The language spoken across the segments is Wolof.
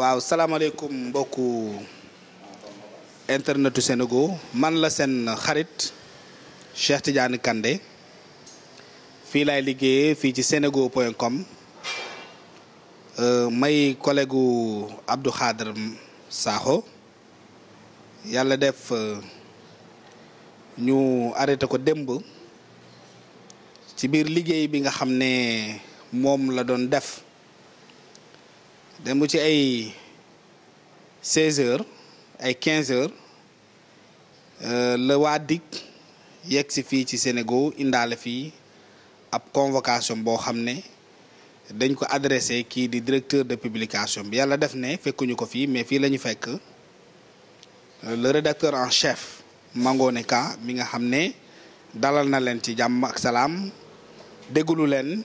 waaw salaamaaleykum mbokku internetu Sénégal man la seen xarit Cheikh Tidiane Kandé fii lay liggéeyee fii ci Sénégal point com euh, may collègue Abdou Khadre Sakho yàlla def euh, ñu arrêté ko démb ci biir liggéey bi nga xam ne moom la doon def. dem ci ay 16 ay 15 heures euh, la waa DIC yegg si fii ci Sénégal indaale fii ab convocation boo xam ne dañ ko adressé kii di directeur de publication bi yàlla def ne fekkuñu ko fii mais fii lañu fekk euh, le rédacteur en chef mangoneka mi nga xam ne dalal na leen ci jàmm ak salaam déglu leen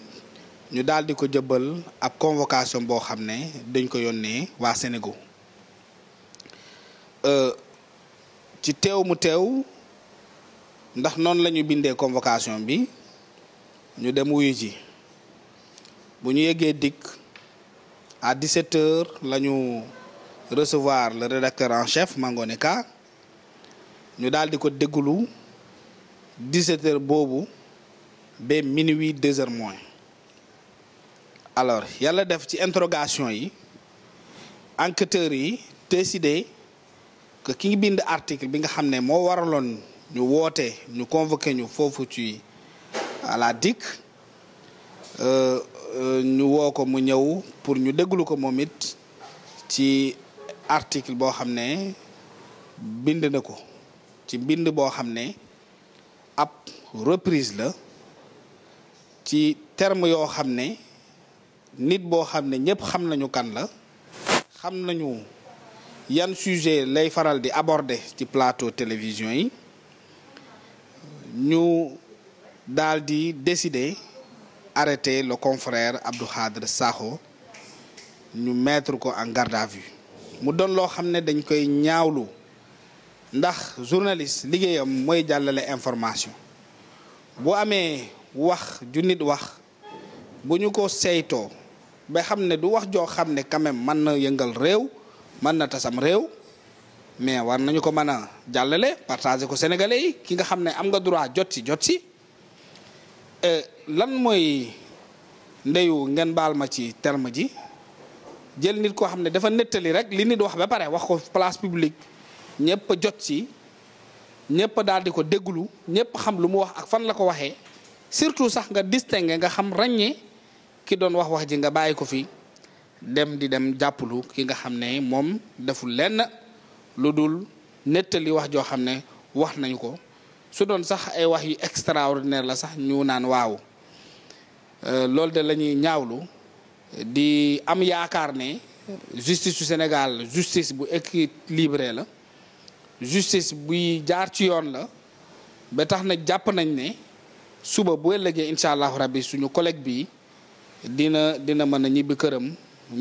ñu daal di ko jëbbal ab convocation boo xam ne dañ ko yónnee waa Sénégal euh, ci teew mu teew ndax noonu la ñu bindee convocation bi ñu dem wuyu ci bu ñu yeggee dikk à 17 heures la ñu recevoir le rédacteur en chef Mangone Ka ñu daal di ko déglu 17 heures boobu ba minuit 2 heures moins. alors yàlla def ci interrogation yi enquêteurs yi décidé que ki bind article bi nga xam ne moo waraloon ñu woote ñu convoqué ñu foofu ci à la DIC euh, euh, ñu woo ko mu ñëw pour ñu déglu ko moom it ci article boo xam ne bind na ko ci bind boo xam ne ab reprise la ci terme yoo xam ne nit boo xam ne ñëpp xam nañu kan la xam nañu yan sujet lay faral di aborder ci plateau télévision yi ñu dal di décider arrêter le confrère Abdou Khadre Sakho ñu mettre ko en garde à vue mu doon loo xam ne dañ koy ñaawlu ndax journaliste liggéeyam mooy jàllale information bu amee wax ju nit wax bu ñu ko saytoo ba xam ne du wax joo xam ne quand man na yëngal réew mën na tasam réew mais war nañu ko mën a jàllale partager ko sénégalais yi ki nga xam ne am nga droit jot si jot si euh, lan mooy ndeyu ngeen baal ma ci terme ji jël nit koo xam ne dafa nettali rek li nit wax ba pare wax ko place publique ñëpp a jot si ñëpp daal di ko déglu ñëpp xam lu mu wax ak fan la ko waxee surtout sax nga distinguer nga xam ràññee ki doon wax wax ji nga bàyyi ko fi dem di dem jàppalu ki nga xam ne moom deful lenn lu dul nettali wax joo xam ne wax nañu ko su doon sax ay wax yu extraordinaire la sax ñu naan waaw euh, loolu de la ñuy ñaawlu di am yaakaar ne justice su Sénégal justice bu équilibré la justice buy jaar ci yoon la ba tax na jàpp nañ ne suba bu ëllëgee incha allahu rabbi suñu collègue bi dina dina mën a ñibbi këram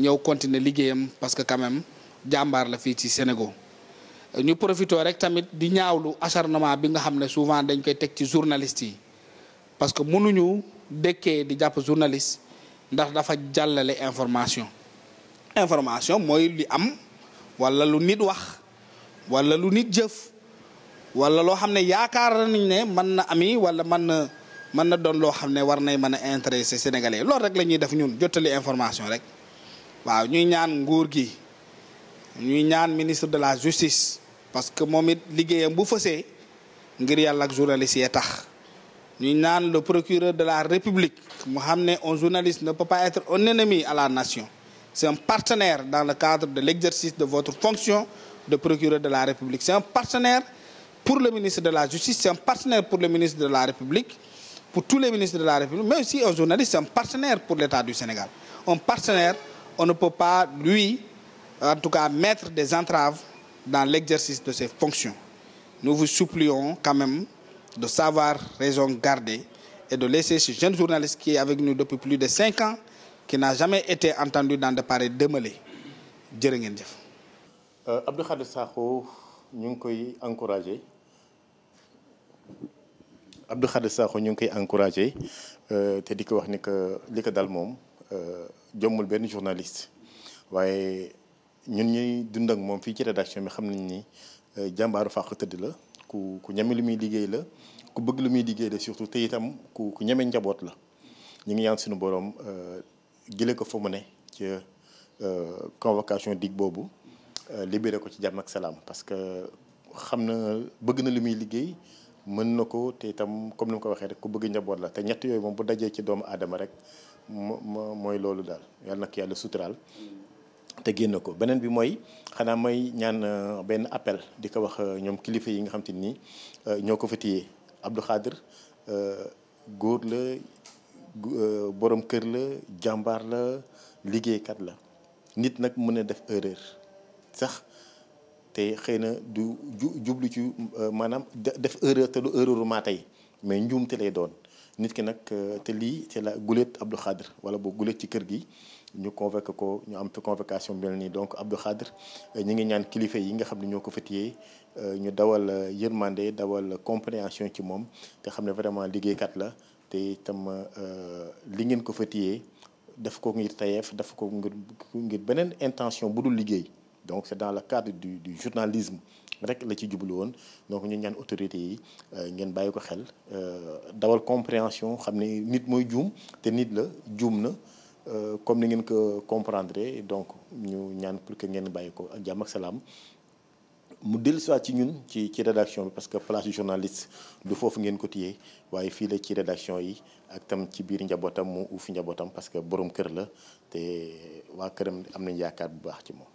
ñëw continuer liggéeyam parce que quand même jàmbaar la fii ci Sénégal ñu profité rek tamit di ñaawlu acharnement bi nga xam ne souvent dañ koy teg ci journaliste yi parce que mënuñu dëkkee di jàpp journaliste ndax dafa jàllale information information mooy li am wala lu nit wax wala lu nit jëf wala loo xam ne yaakaar nañ ne mën na ami wala mën mën na doon loo xam ne war nay mën a intéresser sénégalais loolu rek la ñuy def ñun jottali information rek waaw ñuy ñaan nguur gi ñuy ñaan ministre de la justice parce que moom it liggéeyam bu fësee ngir yàlla ak journaliste yee tax ñuy naan le procureur de la république mu xam ne en journaliste ne peut pas être un ennemi à la nation c'est un partenaire dans le cadre de l'exercice de votre fonction de procureur de la république c'est un partenaire pour le ministre de la justice c'est pour le ministre de la république pour tous les ministres de la République, mais aussi aux journalistes, c'est un partenaire pour l'État du Sénégal. Un partenaire, on ne peut pas, lui, en tout cas, mettre des entraves dans l'exercice de ses fonctions. Nous vous supplions quand même de savoir raison garder et de laisser ce jeune journaliste qui est avec nous depuis plus de cinq ans, qui n'a jamais été entendu dans de pareils démêlés. jërë ngeen jëf. Euh, Abdou Khadre Sakho ñu ngi koy encouragé. Abdou Khadre Sakho ñu ngi koy encouragé euh, te di ko wax ni que li ko dal moom euh, jommul benn journaliste waaye ñun ñuy dund ak moom fii ci rédaction bi xam nañ ni euh, jàmbaaru fàq tëdd la ku ku ñeme lu muy liggéey la ku bëgg lu muy liggéey la surtout te itam ku ku ñeme njaboot la ñu ngi ñaan suñu borom jëlee ko fa mu ne ci convocation dig boobu libéré ko ci jàmm ak salaam parce que xam na bëgg na lu muy liggéey. mën na ko te itam comme ni ma ko waxee rek ku bëgg njaboot la te ñett yooyu moom bu dajee ci doomu aadama rek mo mooy loolu daal yàlla nag yàlla suturaal te génn ko beneen bi mooy xanaa mooy ñaan euh, benn appel di ko wax euh, ñoom kilifa yi nga xam te ni euh, ñoo ko fa téye Abdou Khadir góor la borom kër la jàmbaar la liggéeykat la nit nag mën a def erreur sax te xëy na du ju jublu ci euh, maanaam def erreur te du erreuru maa tey mais njuumte lay doon nit ki nag euh, te lii te la gulet Abdou xadr wala boo gulet ci kër gi ñu convoqué ko ñu am convocation bi mel nii donc Abdou Khadr euh, ñu ngi ñaan kilifa yi nga xam ne ñoo ko fatiyee ñu dawal yërmande dawal compréhension ci moom te xam ne vraiment liggéeykat la te itam li ngeen ko fatiyee daf ko ngir tayeef daf ko ngir ngir beneen intention bu dul liggéey. donc c' est dans le cadre du du journalisme rek la ci jublu woon donc ñu ñaan autorités yi euh, ngeen bàyyi ko xel euh, dawal compréhension xam ne nit mooy juum te nit la juum na euh, comme li ngeen ko comprendre donc ñu ñaan pour ngeen bàyyi ko ak jàmm ak salaam. mu dellu ci ñun ci ci rédaction bi parce que place du journaliste du foofu ngeen ko téye waaye fii la ci rédaction yi ak tam ci biir njabootam mu uuf njabootam parce que borom kër la te waa këram am nañ yaakaar bu baax ci moom.